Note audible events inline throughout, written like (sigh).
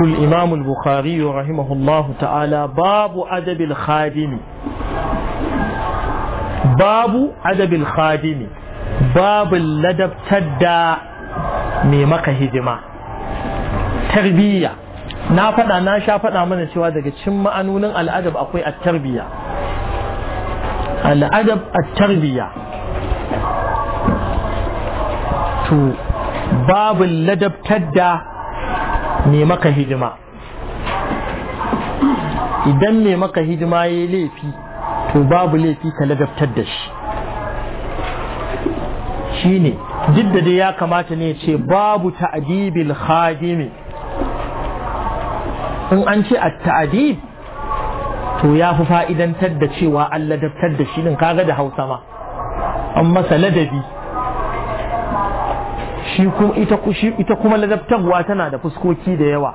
الإمام البخاري رحمه الله تعالى باب أدب الخادم باب أدب الخادم باب اللدب تدى ميمك هدما تربية na faɗa na sha mana cewa daga cikin ma'anonin al'adab akwai at-tarbiya al'adab at-tarbiya babu ladabtar da me maka hidima idan me maka hidima ya yi laifi to babu laifi ka ladabtar da shi shi ne duk da dai ya kamata ne ce babu ta'adibil khadimi in an ce a ta'adib to ya fi fa'idantar da cewa an ladabtar da shi ɗin kaga da hausa ma an masa ladabi shi kuma ita ita kuma ladabtarwa tana da fuskoki da yawa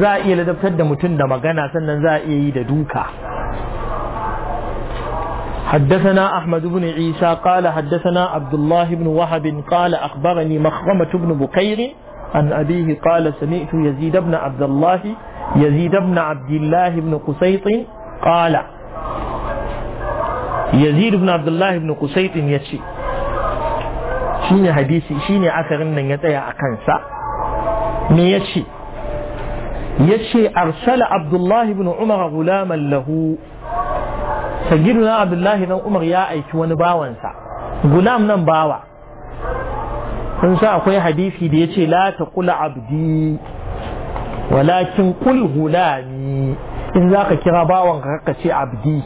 za a iya ladabtar da mutum da magana sannan za a iya yi da duka حدثنا أحمد بن عيسى قال حدثنا عبد الله بن وهب قال أخبرني مخرمة بن بكير عن أبيه قال سمعت يزيد بن عبد الله يزيد بن عبد الله بن قسيط قال يزيد بن عبد الله بن قسيط يشي shine hadisi shine asarin nan ya tsaya a kansa me Ya ce arsala abdullahi ibn umar gulaman lahu na abdullahi dan umar ya aiki wani bawansa gulam nan bawa kun sa akwai hadisi da yace la kula abdi walakin qul gulami in zaka kira bawanka ka ce abdi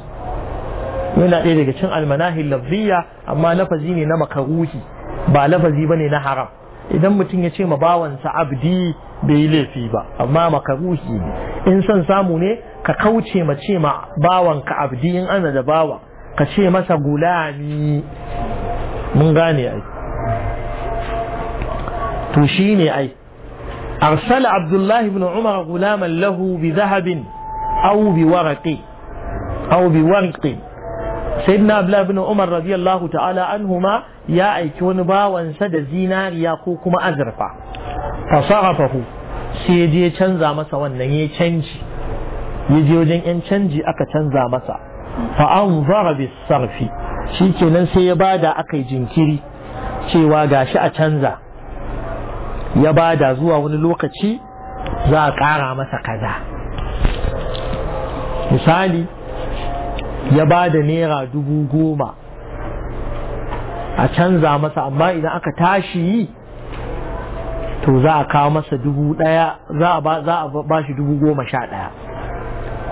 yana ɗaya daga cin almanahi lafiya amma lafazi ne na makaruhi ba lafazi ba ne na haram idan mutum ya ce ma bawansa abdi bai yi laifi ba amma makaruhi ne in son samu ne ka kauce ma ce ma bawanka abdi in ana da bawa ka ce masa gulami mun gane ai to shi ne ai arsala abdullahi ibn umar gulaman lahu bi zahabin au bi waraqi au bi waraqi sayyidina abdullahi ibn umar radiyallahu ta'ala anhuma ya aiki wani bawansa da zinariya ko kuma azurfa fasarafahu sai je canza masa wannan ya canji ya je wajen yan canji aka canza masa fa an zara bis sarfi shikenan sai ya bada aka yi jinkiri cewa gashi a canza ya bada zuwa wani lokaci za a kara masa kaza misali ya ba da naira dubu goma a canza masa amma idan aka tashi yi to za a kawo masa dubu ɗaya za a ba shi dubu goma sha ɗaya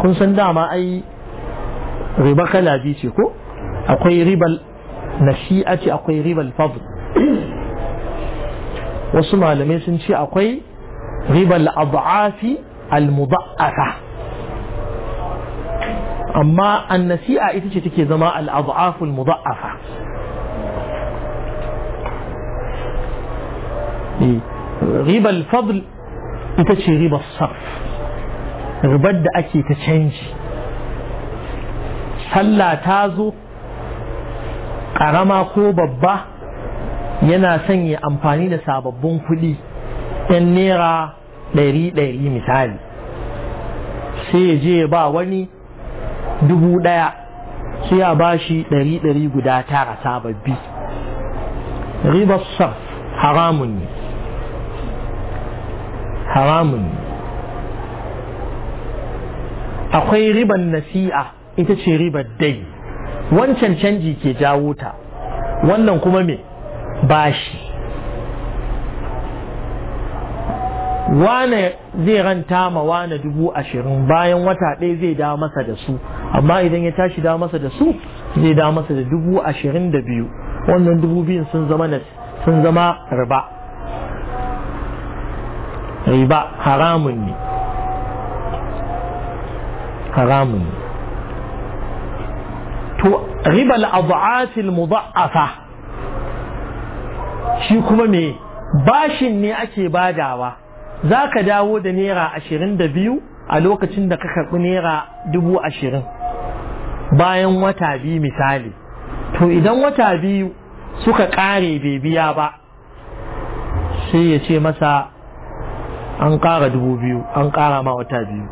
kun san dama ai riba kala biyu ce ko akwai ribal nashi'a ce akwai ribal fadl wasu malamai sun ce akwai ribal abu'afi al-muda'afa أما أن النسيئة إتش تكي زما الأضعاف المضعفة إيه. غيب الفضل إتش غيب الصرف غبد أكي تشنجي صلى تازو قرما كوببا ينا sanya amfani da sababbin kuɗi ɗan naira ɗari ɗari misali sai je dubu ɗaya sai ya ba shi ɗari ɗari guda tara sababbi ribar sarf haramun ne haramun ne akwai ribar nasi'a ita ce ribar dai wancan canji ke jawo ta wannan kuma me bashi wane zai ranta ma wane dubu ashirin bayan wata ɗaya zai dawo masa da su amma idan ya tashi da masa da su zai da masa da dubu ashirin da biyu wannan dubu biyun sun zama sun zama riba riba haramun ne haramun ne to riba al'adu'atil mudha'afa shi kuma me bashin ne ake badawa za ka dawo da naira ashirin da biyu a lokacin da ka karɓi naira dubu ashirin bayan wata biyu misali to idan wata biyu suka ƙare bai biya ba sai ya ce masa an ƙara dubu biyu an ƙara ma wata biyu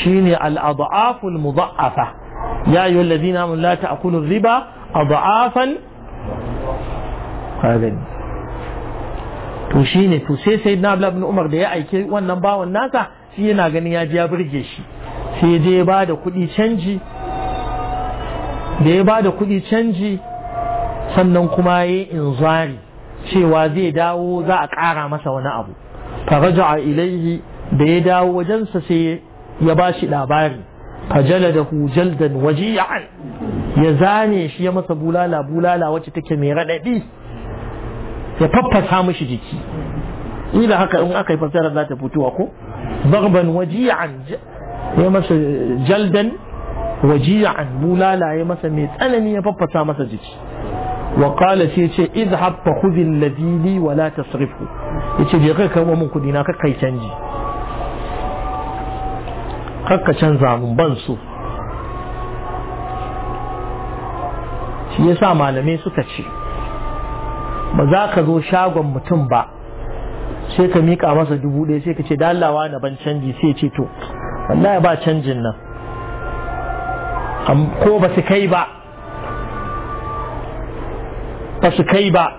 shine al-adhaful mudha'afa ya ayyuhal ladina amanu a ta'kulu riba a adhafan qalan to shi ne to sai sayyidina Abdullah ibn Umar da ya aike wannan bawon nasa shi yana ganin ya ji ya burge shi sai je ba da kuɗi canji da ya ba da kuɗi canji sannan kuma ya yi inzari cewa zai dawo za a ƙara masa wani abu faraja a ilaihi da ya dawo wajensa sai ya ba shi labari fajala da hujaldan waji'an ya zane shi ya masa bulala bulala wacce take mai raɗaɗi ya faffasa mishi jiki ila haka in aka yi fasara za ta fitowa ko barban waji'an ya masa jaldan waji'an bulala ya masa mai tsanani ya faffasa masa jiki wa qala sai ce izhab fa khudh alladhi li wa la tasrifu yace je kai kawo min kudi na ka kai canji kakka canza mun ban su shi yasa malamai suka ce ba za ka zo shagon mutum ba sai ka mika masa dubu ɗaya sai ka ce dallawa na ban canji sai ce to wallahi ba canjin nan ko ba su kai ba ba su kai ba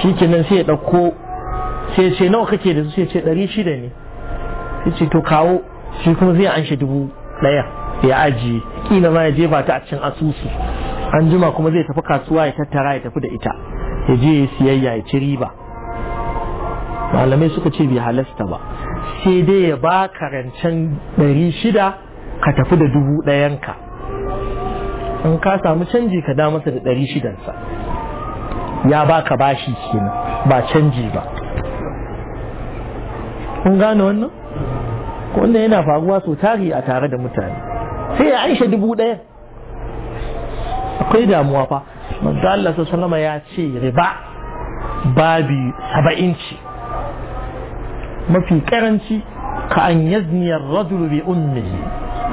shi nan sai ya ɗauko sai ce nawa kake da su sai ce ɗari shida ne sai ce to kawo shi kuma zai an shi dubu ɗaya ya ajiye kila ma ya ba ta a cikin asusu an jima kuma zai tafi kasuwa ya tattara ya tafi da ita ya je ya siyayya ya ci riba malamai suka ce bai halasta ba sai dai ya ba ka rancen ɗari shida ka tafi da dubu ɗayanka in ka samu canji ka da masa da ɗari shidansa ya ba ka bashi kenan ba canji ba kun gane wannan wannan yana faruwa sau tari a tare da mutane sai ya aisha dubu ɗaya akwai damuwa fa manzo Allah sallallahu ya ce riba babi saba'inci. mafi karanci ka an rajulu bi ummihi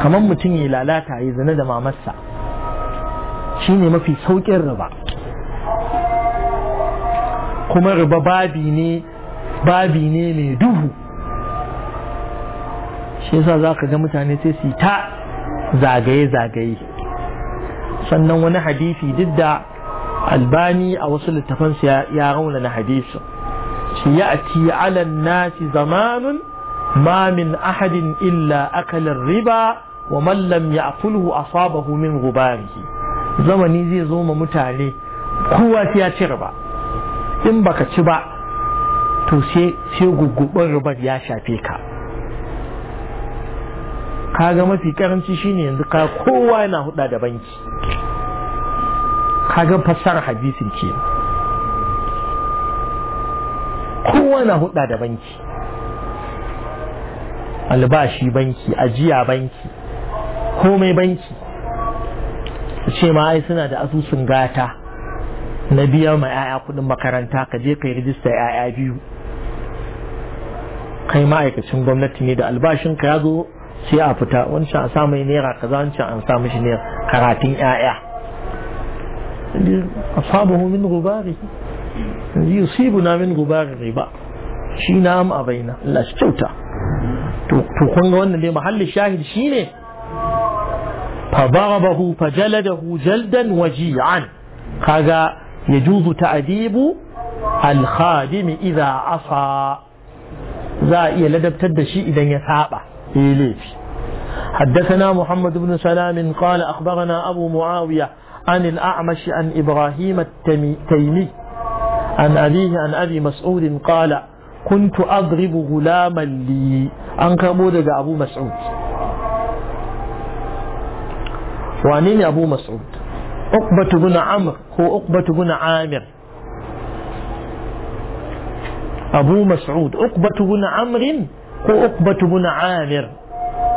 kamar mutum ya lalata ya zina da mamarsa shine mafi saukin riba kuma riba babi ne babi ne mai duhu shi yasa za ka ga mutane sai su ta zagaye-zagaye sannan wani hadisi duk da albani a wasu littafansu ya raunana hadisin ci ati ala nasi zamanun ma min ahadin illa akalin riba wa ya afulhu a asabahu min ghubarihi zamani zai zo ma mutane kowa sai ya ci riba in baka ci ba to sai sai ribar ya shafe ka kaga mafi karanci shine yanzu ka kowa yana huda da banki ga fasar hadisin ke. kowa na da banki albashi banki ajiya banki komai banki su ce ma ai suna da asusun gata na biya ma 'ya'ya kudin makaranta ka je ka yi rijista 'ya'ya biyu kai ma'aikacin gwamnati ne da albashin ka ya zo sai a fita wancan a samu naira kaza wancan an samu shi ne karatun 'ya'ya A asabahu min rubari yusibuna min gubar riba shi na am abaina Allah shi kyauta to kun ga wannan dai mahallin shahid shine fa darabahu fa jaladahu jaldan waji'an kaga yajuzu ta'dibu al-khadim idza asa za a iya ladabtar da shi idan ya saba eh laifi حدثنا محمد بن سلام قال أخبرنا أبو معاوية عن الأعمش عن إبراهيم التيمي عن أبيه عن أبي مسعود قال كنت أضرب غلاما لي أن Abu أبو مسعود وعنين أبو مسعود أقبة بن عمرو هو أقبة بن عامر أبو مسعود أقبة بن عمرو هو أقبة بن عامر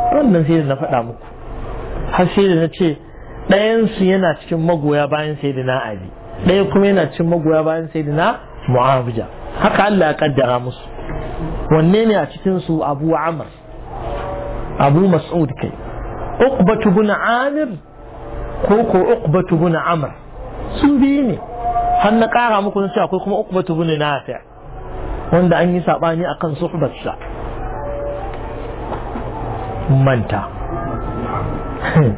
wannan sai na faɗa muku har sai da na ce ɗayansu yana cikin magoya bayan sai da na ali ɗaya kuma yana cin magoya bayan sai na mu'abija haka Allah ya kaddara musu wanne ne a cikin su abu amr abu mas'ud kai uqbatu bin amir ko ko uqbatu bin amr sun biyu ne har na kara muku nasu akwai kuma uqbatu bin nafi wanda an yi sabani akan suhbatsa manta (laughs)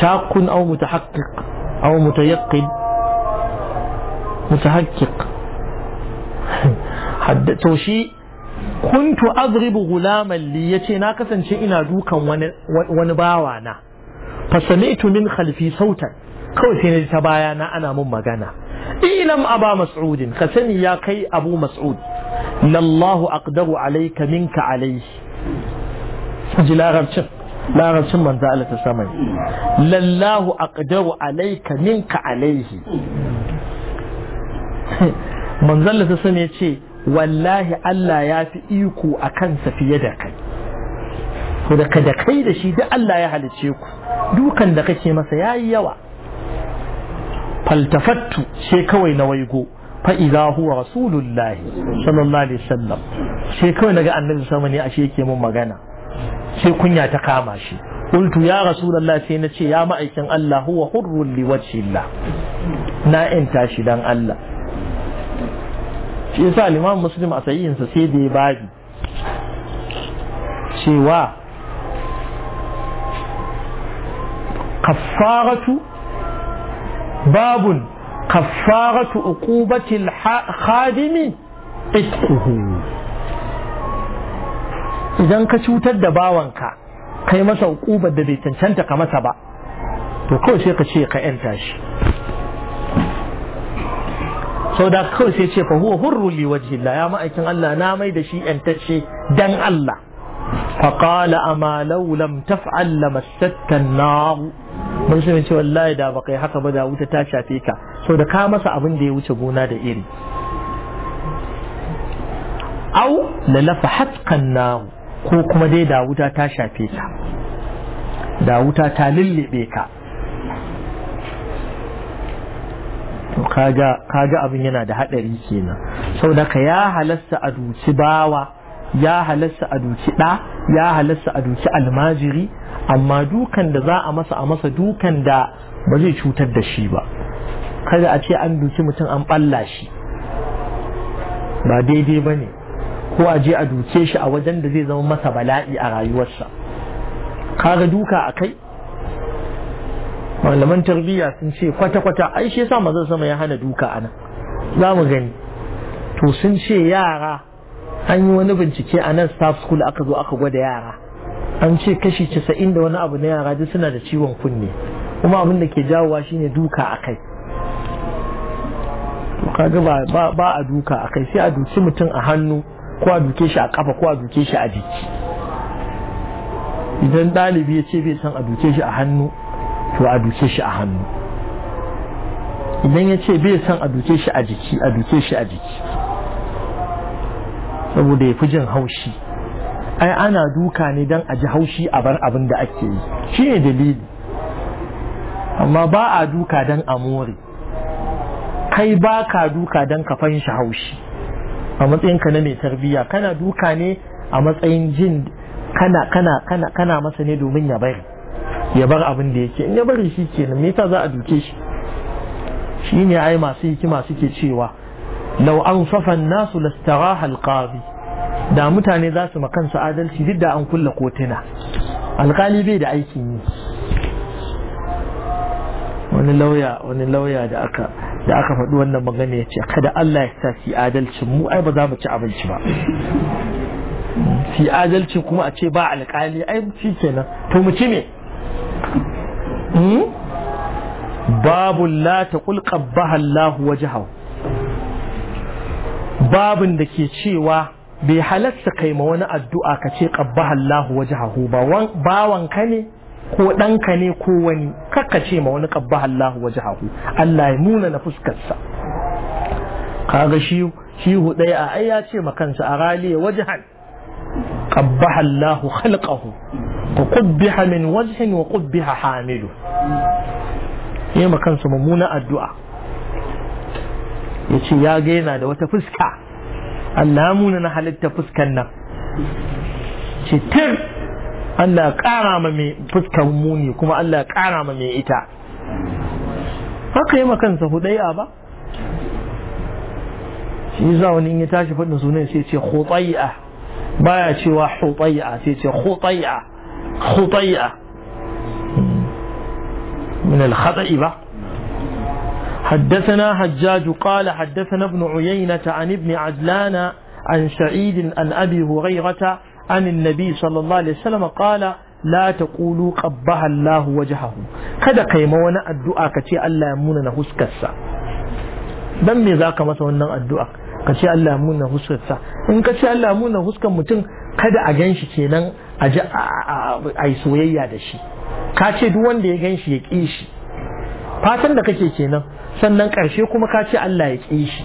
shakun aw mutahaqqiq أو متيقن متحقق (laughs) حدثه شيء كنت أضرب غلاما لي يتينا كثن شيء دوكا ونباوانا فسمعت من خلفي صوتا كوثين تبايانا أنا ممغانا إلم أبا مسعود كثني يا كي أبو مسعود إن الله أقدر عليك منك عليه جلاغر شف larabcin manzo Allah ta samai lallahu aqdaru alayka minka alayhi (laughs) manzo Allah ta yace wallahi Allah ya fi iko akan sa fiye da kai ko da ka da kai da shi duk Allah ya halice ku dukan da kake masa yayi yawa faltafattu sai kawai na waigo fa iza huwa rasulullahi sallallahu alaihi wasallam sai kawai naga annabi sama ne ashe yake mun magana sai kunya ta kama shi qultu ya rasulullah sai na ce ya ma'aikin Allah huwa hurrun li na in tashi dan Allah shi yasa limamin muslim a sahihin sa sai da ya babi cewa kaffaratu babun kaffaratu uqubatil khadimi itquhu idan ka cutar da bawanka kai masa hukubar da bai cancanta ka masa ba to kawai sai ka ce ka yanta shi sau da kawai sai ce fa huwa hurru li wajhillah ya ma'aikin Allah na mai da shi yantacce dan Allah فقال أما لو لم تفعل لمستك النار mun shi ce wallahi da baka yi haka ba da wuta ta shafe ka Sau da ka masa abin da ya wuce gona da iri au la hatkan na'u. ko kuma dai da wuta ta shafe ka da wuta ta lullube ka Ka kaga abin yana da haɗari kenan saboda ka ya halasta a duci bawa ya halasta a duci ɗa ya halasta a duci almajiri amma dukan da za a masa a masa dukan da ba zai cutar da shi ba kada a ce an duki mutum an ɓalla shi ba daidai ba ne ko a je a duke shi a wajen da zai zama masa bala'i a rayuwarsa kaga duka a kai malaman tarbiyya sun ce kwata-kwata ai shi yasa mazan sama ya hana duka a za mu gani to sun ce yara an yi wani bincike a nan staff school aka zo aka gwada yara an ce kashi casa'in da wani abu na yara duk suna da ciwon kunne kuma abin da ke jawowa shine duka a kai kaga ba a duka a kai sai a duki mutum a hannu ko a duke shi a kafa ko a duke shi a jiki idan ɗalibi ya ce bai san a duke shi a hannu to a duke shi a hannu idan ya ce bai san a duke shi a jiki a duke shi a jiki saboda ya fi jin haushi ai ana duka ne don a ji haushi a bar abin da ake yi shi ne dalili amma ba a duka don a more kai ba ka duka don ka fanshi haushi a matsayinka na mai tarbiyya kana duka ne a matsayin jin kana kana kana kana masa ne domin ya bari ya bar abin da yake in ya bari shi kenan me yasa za a duke shi Shi ne ai masu hikima suke cewa law an an-nasu lastaraha al da mutane za su makansa adalci duk da an kulle kotuna alkali bai da aikin yi wani lauya wani lauya da aka da aka faɗi wannan magana ya ce kada Allah ya sa fi adalci mu ai ba za mu ci abinci ba fi adalci kuma a ce ba alƙali ai shi kenan to mu ci me hmm? babu la ta kulka bahallahu wajahu babin da ke cewa bai halatta kai ma wani addu'a ka ce qabbaha Allahu wajhahu ba bawan ne ko ɗanka ne ko wani kakka ce ma wani qabbaha Allah wajhahu Allah ya muna na fuskarsa kaga shi shi hudaya ai ya ce ma kansa arali wajhan qabbaha Allah khalqahu wa qubbiha min wajhin wa qubbiha hamilu ya ma kansa mummuna addu'a yace ya ga yana da wata fuska Allah muna na halitta fuskan nan ce tir Allah ya kara ma mai fuskar muni kuma Allah ya kara ma mai ita haka yi makansa hudai'a ba shi za wani in ya tashi fadin sunan sai ce hudai'a baya cewa hudai'a sai ce hudai'a hudai'a من الخطأ بقى حدثنا حجاج قال حدثنا ابن عيينة عن ابن عجلان عن سعيد عن أبي هريرة عن النبي صلى الله عليه وسلم قال لا تقولوا قبها الله وجهه kada kai ma wani addu'a ka ce Allah ya muna na huskarsa dan me zaka masa wannan addu'a ka ce Allah ya muna huskarsa in ka ce Allah ya muna huskar mutum kada a ganshi kenan a ji a yi soyayya da shi ka ce duk wanda ya ganshi ya ƙi shi fatan da kake kenan sannan ƙarshe kuma ka ce Allah ya ƙi shi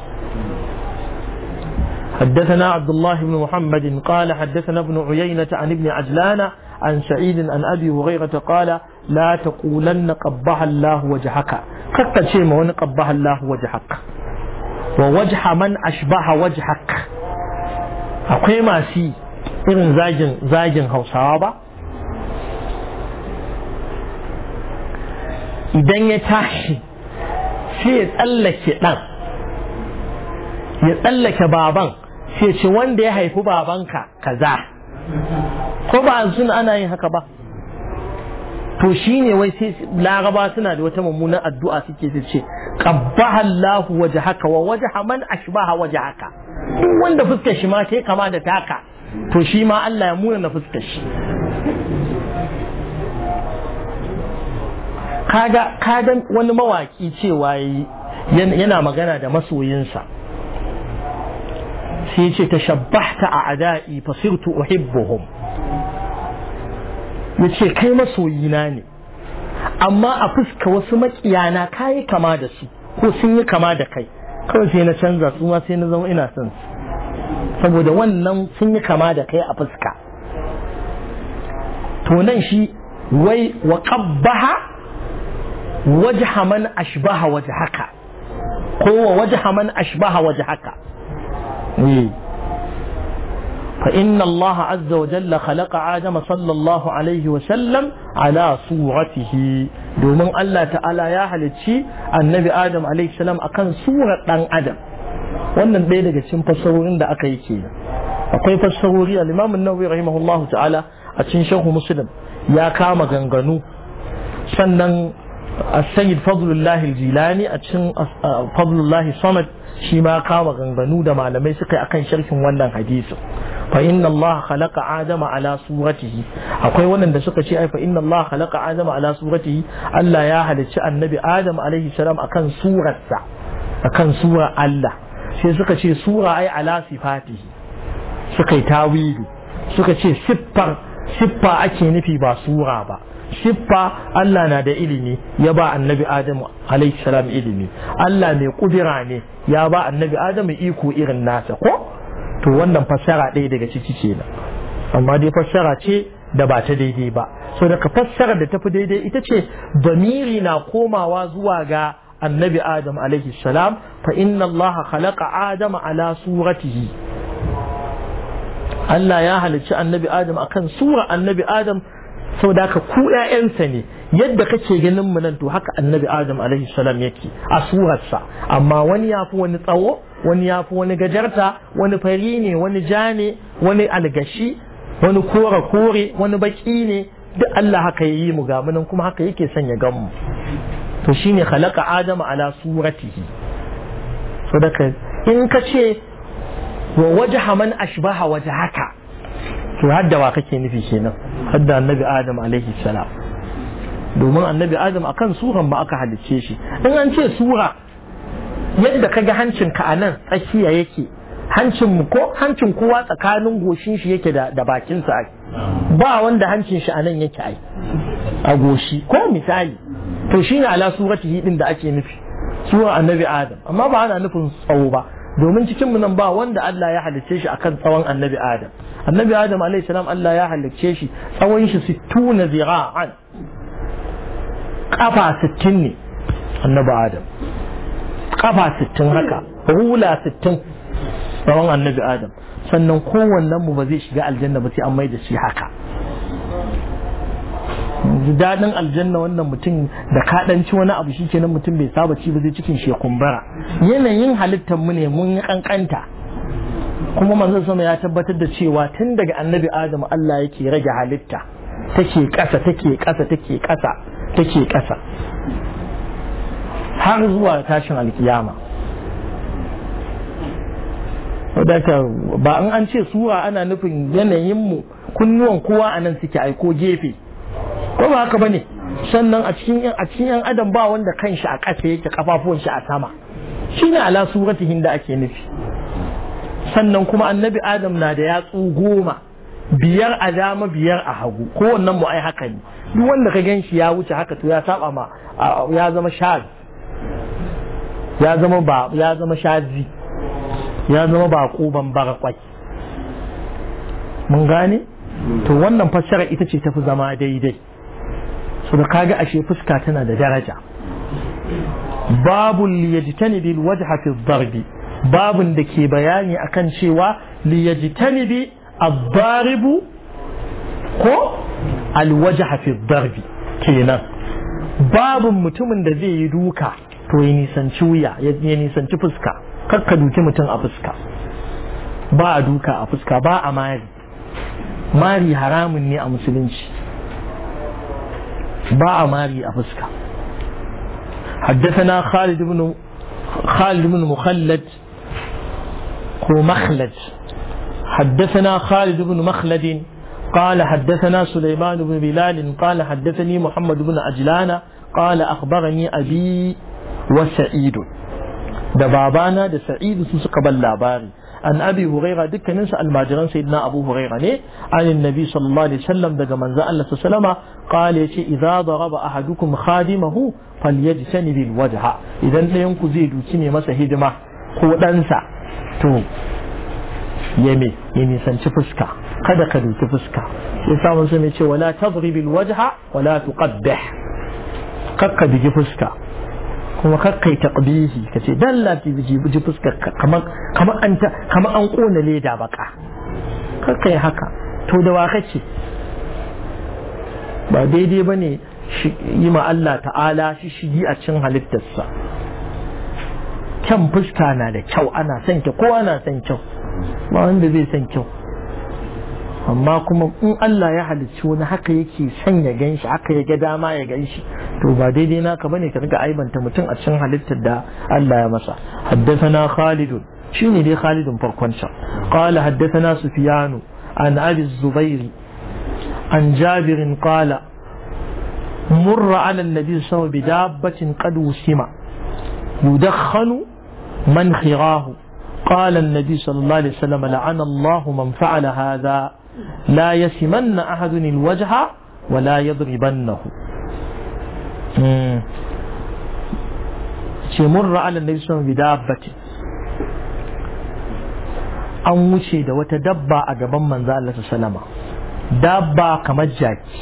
حدثنا عبد الله بن محمد قال حدثنا ابن عيينة عن ابن عجلان عن سعيد عن أبي هريرة قال لا تقولن قبح الله وجهك قد شيء ما قبح الله وجهك ووجه من أشبه وجهك akwai masu irin zagin زاجن hausawa ba idan ya tashi sai ya tsallake بابا ke ce wanda ya haifi babanka kaza ko ba suna ana yin haka ba to shi ne wai sai laraba suna da wata mummunan addu'a suke su ce qabbaha waje haka wa wajha man ashbaha haka. duk wanda fuskar shi ma yi kama da taka to shi ma Allah ya muna na fuskar shi kaga wani mawaki cewa yana magana da masoyinsa sai ce tashabbahta a ada'i fasirtu uhibbuhum yace kai masoyina ne amma a fuska wasu makiyana kayi kama da su ko sun yi kama da kai kawai sai na canza su ma sai na zama ina son su saboda wannan sun yi kama da kai a fuska to nan shi wai wa qabbaha wajha man ashbaha wajhaka ko wa wajha man ashbaha wajhaka fa inna Allah azza wa jalla khalaqa adama sallallahu alaihi wa sallam ala suratihi domin Allah ta'ala ya halacci annabi adam alaihi salam akan surar dan adam wannan ɗaya daga cikin fasawurin da aka yi ke akwai fasawuri al-imam an-nawawi ta'ala a cikin shahu muslim ya kama ganganu sannan as-sayyid fadlullah al-jilani a cikin fadlullah samad shi ma kama ganganu da malamai suka yi akan sharhin wannan hadisin fa inna Allah khalaqa adama ala suratihi akwai wannan da suka ce ai fa inna Allah khalaqa adama ala suratihi Allah ya halicci annabi Adam alaihi salam akan surarsa akan sura Allah sai suka ce sura ai ala sifatihi suka yi tawili suka ce siffar siffa ake nufi ba sura ba siffa Allah na da ilimi ya ba annabi Adamu alaihi salam ilimi Allah mai kudira ne ya ba annabi adam iko irin nasa ko to wannan fassara ɗaya daga ciki na. amma dai fassara ce da ba ta daidai ba so daga fassara da tafi daidai ita ce damiri na komawa zuwa ga annabi Adam alaihi salam fa inna Allah khalaqa Adam ala suratihi Allah ya halicci annabi Adam akan sura annabi Adam saboda ka ku ƴaƴansa ne yadda kake ganin mu nan to haka annabi adam alaihi salam yake a suharsa amma wani ya fi wani tsawo wani ya fi wani gajarta wani fari ne wani ja ne wani algashi wani kore kore wani baki ne duk Allah haka yayi mu ga kuma haka yake son ya gan mu to shine khalaqa Adamu ala suratihi saboda in ka ce wa wajha man ashbaha wajhaka to hadda wa kake nufi kenan hadda annabi adam alaihi salam domin annabi adam akan suran ba aka halicce shi in an ce sura yadda ka ga hancin ka anan tsakiya yake hancin mu ko hancin kowa tsakanin goshin shi yake da bakin sa ba wanda hancin shi anan yake ai a goshi ko misali to shine ala suratihi din da ake nufi sura annabi adam amma ba ana nufin tsawo ba domin cikin mu nan ba wanda Allah ya halicce shi akan tsawon annabi adam annabi adam alaihi salam Allah ya halicce shi tsawon shi sittuna zira'an kafa sittin ne annabi adam kafa sittin haka hula sittin tsawon annabi adam sannan kowannen mu ba zai shiga aljanna ba sai an mai da shi haka daɗin aljanna wannan mutum da kaɗanci wani abu shi kenan mutum bai saba ci ba zai cikin shekumbara yanayin halittar mu ne mun yi kankanta kuma manzon sama ya tabbatar da cewa tun daga annabi adam Allah yake rage halitta take ƙasa take ƙasa take ƙasa take ƙasa har zuwa tashin alkiyama wadata ba in an ce sura ana nufin yanayin mu kunnuwan kowa a nan suke aiko gefe ko ba haka bane sannan a cikin a cikin yan adam ba wanda kanshi a ƙasa yake kafafuwan shi a sama shine ala suratihin da ake nufi sannan kuma annabi adam na da yatsu goma biyar a dama biyar a hagu kowannen mu ai haka ne duk wanda ka ganshi ya wuce haka to ya saba ma ya zama shaz ya zama ba ya zama shazi ya zama ba ban bara kwai mun gane to wannan fassara ita ce tafi zama daidai so da kaga ashe fuska tana da daraja babul yajtanibil wajha fi dharbi babin da ke bayani akan cewa liyajtanibi ad-daribu ko alwajha hafi darbi kenan babin mutumin da zai yi duka to ya nisanci wuya ya nisanci fuska kakka duki mutum a fuska ba a duka a fuska ba a mari mari haramun ne a musulunci ba a mari a fuska حدثنا خالد بن خالد بن مخلد مخلد حدثنا خالد بن مخلد قال حدثنا سليمان بن بلال قال حدثني محمد بن عجلان قال أخبرني أبي وسعيد da babana da sa'idu su suka ban labari an abi huraira dukkanin su almajiran sayyidina abu huraira ne anin nabi sallallahu alaihi wasallam daga manzo Allah sallama qala yace idza daraba ahadukum khadimahu falyajtani bil wajha idan dayan ku zai duki ne masa hidima ko ɗansa to yame ya nisanci fuska kada ka duki fuska sai samun su mai ce wala tadribil wajha wala tuqabbih kakka bigi fuska kuma kakkai taqbihi kace dalla ki bigi bigi fuska kamar kamar an kamar an kona leda baka yi haka to da wa kace ba daidai bane yi ma Allah ta'ala shi shigi a cin halittarsa kyan fuska na da kyau ana son kyau kowa na son kyau ba wanda zai son kyau amma kuma in Allah ya halicci wani haka yake son ya gan shi haka ya ga dama ya gan shi to ba daidai naka bane ka riga aibanta mutum a cikin halittar da Allah ya masa haddathana Khalid shine dai Khalid farkon sa qala haddathana Sufyan an Abi Zubair an Jabir qala مر على النبي صلى الله عليه وسلم بدابة يدخن من خراه قال النبي صلى الله عليه وسلم لعن الله من فعل هذا لا يسمن أحد الوجه ولا يضربنه مر على النبي صلى الله عليه وسلم بدابة an wuce da wata dabba a gaban manzo Allah sallama dabba kamar jaki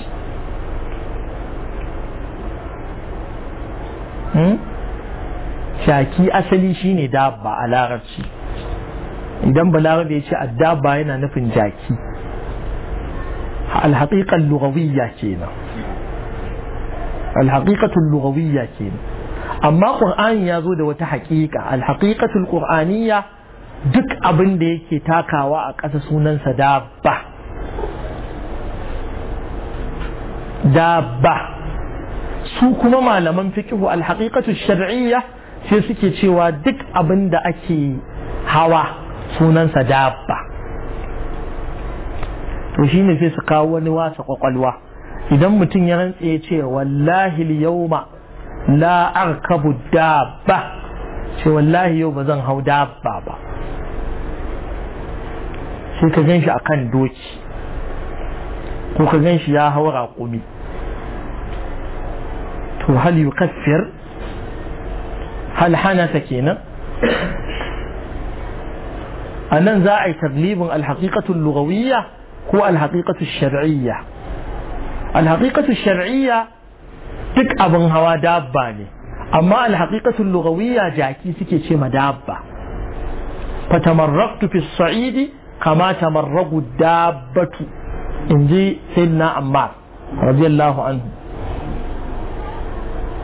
shaki asali shine dabba a larabci idan balarabe ya ce addaba yana nufin jaki alhaƙiƙar lugawiyya kenan alhaƙiƙatul lugawiyya kenan amma ƙur'ani ya zo da wata haƙiƙa alhaƙiƙatul ƙur'aniyya duk abin da yake takawa a ƙasa sunansa dabba dabba su kuma malaman fikihu alhaƙiƙatun shar'iyya sai suke cewa duk abin da ake hawa sunansa dabba to shi sai su kawo wani wasa kwakwalwa idan mutum ya rantse ya ce wallahi yauma la arkabu dabba ce wallahi yau ba zan hau dabba ba sai ka gan shi akan doki ko ka ganshi ya hau raƙumi to hal yukaffir halhanata kenan a nan za a yi tablibin alhaƙiƙatun lugawiyya ko alhaƙiƙatun shar'iyya alhaƙiƙatun shar'iyya duk abin hawa dabba ne amma alhaƙiƙatun lugawiyya jaki suke ce ma dabba fatamarraktu fi sa'idi kama tamarragu dabbatu in ji sayyidina ammar radiyallahu anhu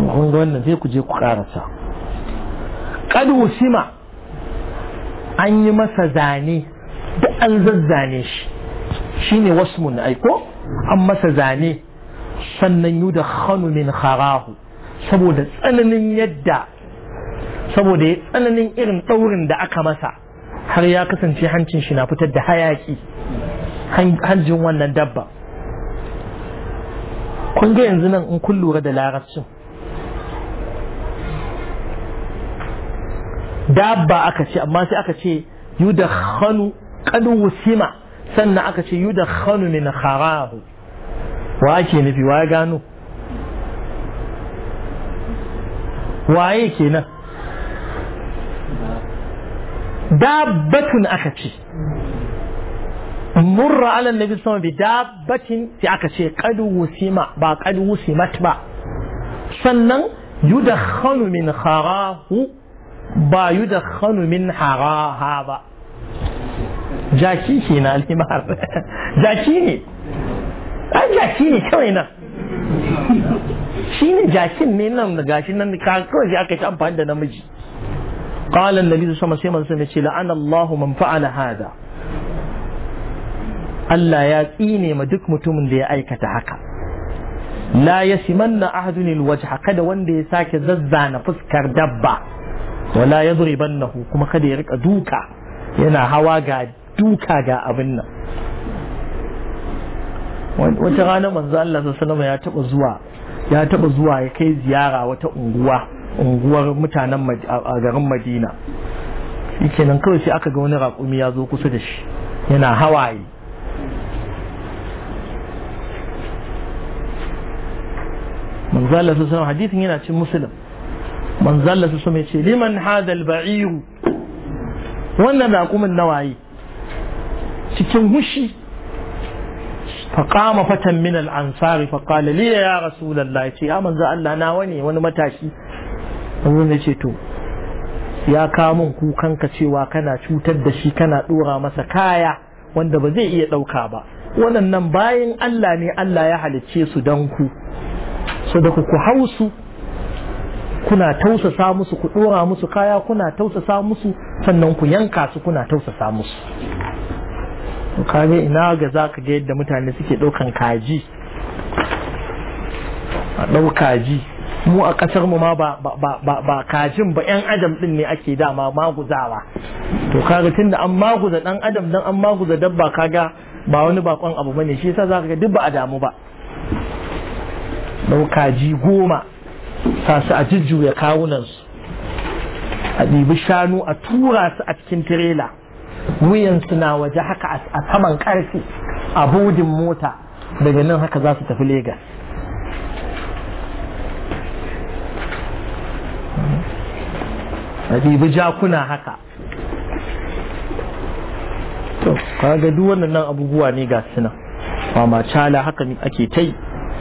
kun ga wannan sai ku je ku karasa kad wusima an yi masa zane da an zazzane shi shine wasmun aiko an masa zane sannan yu da khanu min kharahu saboda tsananin yadda saboda ya tsananin irin ɗaurin da aka masa har ya kasance hancin shi na fitar da hayaki hanjin wannan dabba kun ga yanzu nan in kun lura da larabcin dabba aka ce amma sai aka ce yudakhalu qad wusima sannan aka ce yudakhalu min kharahu wa ake nufi wa gano waye kenan dabbatun aka ce murra ala nabi sama bi dabbatin sai aka ce qad wusima ba qad wusimat ba sannan yudakhalu min kharahu ba yi da min haraha ba jaki ke na alhimar (laughs) jaki ne an jaki ne kawai nan shi ne jakin ne nan da gashi nan kawai aka ci amfani da namiji قال النبي صلى الله عليه وسلم يقول لعن الله من فعل hada. Allah ya tsine ma duk mutumin da ya aikata haka la yasimanna ahadun alwajha kada wanda ya sake zazzana fuskar dabba wala ya yadribannahu kuma kada ya rika duka yana hawa ga duka ga abin nan wata rana manzo Allah sallallahu ya taba zuwa ya taba zuwa ya kai ziyara wata unguwa unguwar mutanen a garin Madina shikenan kawai sai aka ga wani raƙumi ya zo kusa da shi yana hawaye manzo Allah sallallahu hadisin yana cin musulun manzo Allah su sume ce liman hadal ba'iru wannan na nawaye cikin hushi فقام fatan من الأنصار فقال لي ya rasu الله ce من ذا Allah na wani matashi wani ne ce to ya kawo kukan ka cewa kana cutar da shi kana dora masa kaya wanda ba zai iya dauka ba waɗannan bayan Allah ne Allah ya halicce su dan ku so da ku hausu kuna tausasa musu ku ɗora musu kaya kuna tausasa musu sannan ku yanka su kuna tausasa musu kage ina ga za ka ga yadda mutane suke ɗaukan kaji a ɗau kaji mu a ƙasar mu ma ba kajin ba 'yan adam ɗin ne ake dama maguzawa to kaga tun da an maguza ɗan adam dan an maguza dabba kaga ba wani bakon abu bane shi yasa za ka ga duk ba a damu ba ɗau kaji goma sa su a jujjuya kawunansu a ɗibi shanu a tura su a cikin tirela wuyansu na waje haka a saman ƙarfi a budin mota daga nan haka za su tafi Legas. a ɗibi jakuna haka to kaga duk wannan abubuwa ne ga suna ba ma cala haka ake ta yi